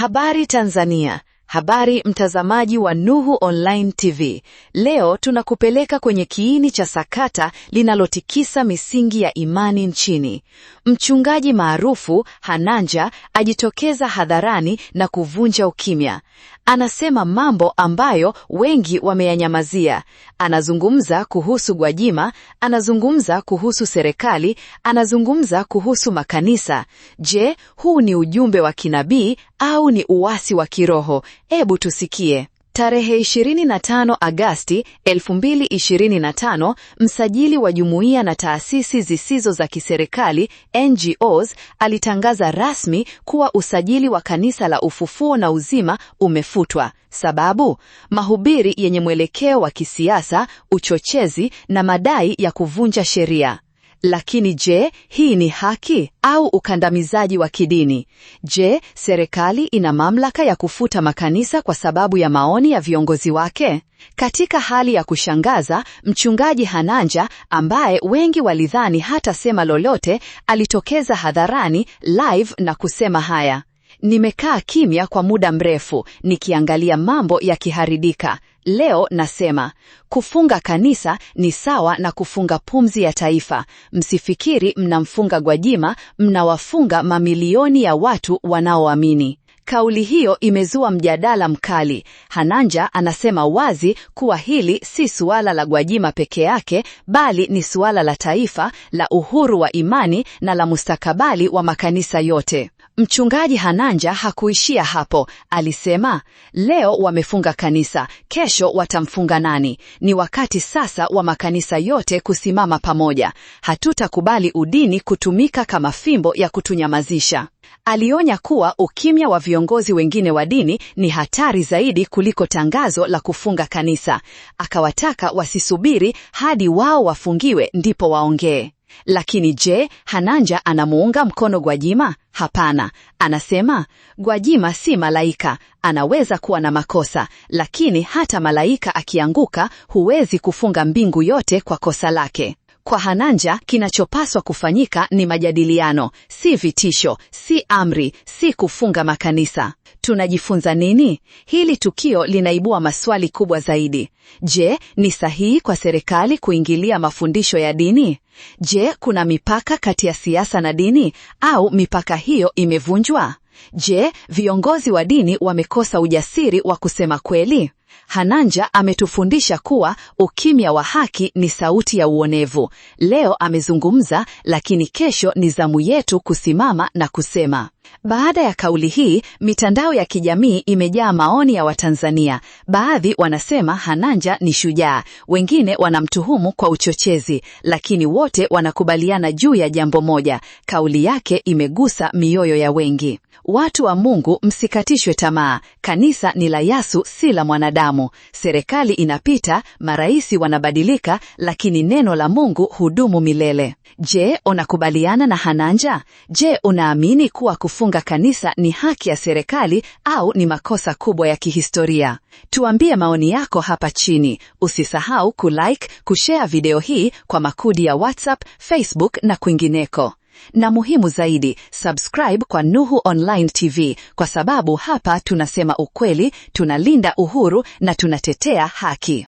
Habari Tanzania, habari mtazamaji wa Nuhu Online TV. Leo tunakupeleka kwenye kiini cha sakata linalotikisa misingi ya imani nchini. Mchungaji maarufu Hananja ajitokeza hadharani na kuvunja ukimya. Anasema mambo ambayo wengi wameyanyamazia. Anazungumza kuhusu Gwajima, anazungumza kuhusu serikali, anazungumza kuhusu makanisa. Je, huu ni ujumbe wa kinabii au ni uasi wa kiroho? Hebu tusikie. Tarehe 25 Agasti 2025, msajili wa jumuiya na taasisi zisizo za kiserikali NGOs alitangaza rasmi kuwa usajili wa Kanisa la Ufufuo na Uzima umefutwa. Sababu, mahubiri yenye mwelekeo wa kisiasa, uchochezi na madai ya kuvunja sheria. Lakini je, hii ni haki au ukandamizaji wa kidini? Je, serikali ina mamlaka ya kufuta makanisa kwa sababu ya maoni ya viongozi wake? Katika hali ya kushangaza, mchungaji Hananja ambaye wengi walidhani hatasema lolote, alitokeza hadharani live na kusema haya: Nimekaa kimya kwa muda mrefu nikiangalia mambo yakiharidika Leo nasema kufunga kanisa ni sawa na kufunga pumzi ya taifa. Msifikiri mnamfunga Gwajima, mnawafunga mamilioni ya watu wanaoamini. Kauli hiyo imezua mjadala mkali. Hananja anasema wazi kuwa hili si suala la Gwajima peke yake, bali ni suala la taifa, la uhuru wa imani na la mustakabali wa makanisa yote. Mchungaji Hananja hakuishia hapo. Alisema leo wamefunga kanisa, kesho watamfunga nani? Ni wakati sasa wa makanisa yote kusimama pamoja. Hatutakubali udini kutumika kama fimbo ya kutunyamazisha. Alionya kuwa ukimya wa viongozi wengine wa dini ni hatari zaidi kuliko tangazo la kufunga kanisa. Akawataka wasisubiri hadi wao wafungiwe ndipo waongee. Lakini je, Hananja anamuunga mkono Gwajima? Hapana, anasema Gwajima si malaika, anaweza kuwa na makosa, lakini hata malaika akianguka, huwezi kufunga mbingu yote kwa kosa lake. Kwa Hananja, kinachopaswa kufanyika ni majadiliano, si vitisho, si amri, si kufunga makanisa. Tunajifunza nini? Hili tukio linaibua maswali kubwa zaidi. Je, ni sahihi kwa serikali kuingilia mafundisho ya dini? Je, kuna mipaka kati ya siasa na dini au mipaka hiyo imevunjwa? Je, viongozi wa dini wamekosa ujasiri wa kusema kweli? Hananja ametufundisha kuwa ukimya wa haki ni sauti ya uonevu. Leo amezungumza, lakini kesho ni zamu yetu kusimama na kusema. Baada ya kauli hii, mitandao ya kijamii imejaa maoni ya Watanzania. Baadhi wanasema Hananja ni shujaa, wengine wanamtuhumu kwa uchochezi, lakini wote wanakubaliana juu ya jambo moja: kauli yake imegusa mioyo ya wengi. Watu wa Mungu, msikatishwe tamaa. Kanisa ni la Yesu, si la mwanadamu. Serikali inapita, marais wanabadilika, lakini neno la Mungu hudumu milele. Je, unakubaliana na Hananja? Je, unaamini kuwa kufunga kanisa ni haki ya serikali au ni makosa kubwa ya kihistoria? Tuambie maoni yako hapa chini. Usisahau kulike, kushare video hii kwa makundi ya WhatsApp, Facebook na kwingineko. Na muhimu zaidi, subscribe kwa Nuhu Online TV kwa sababu hapa tunasema ukweli, tunalinda uhuru na tunatetea haki.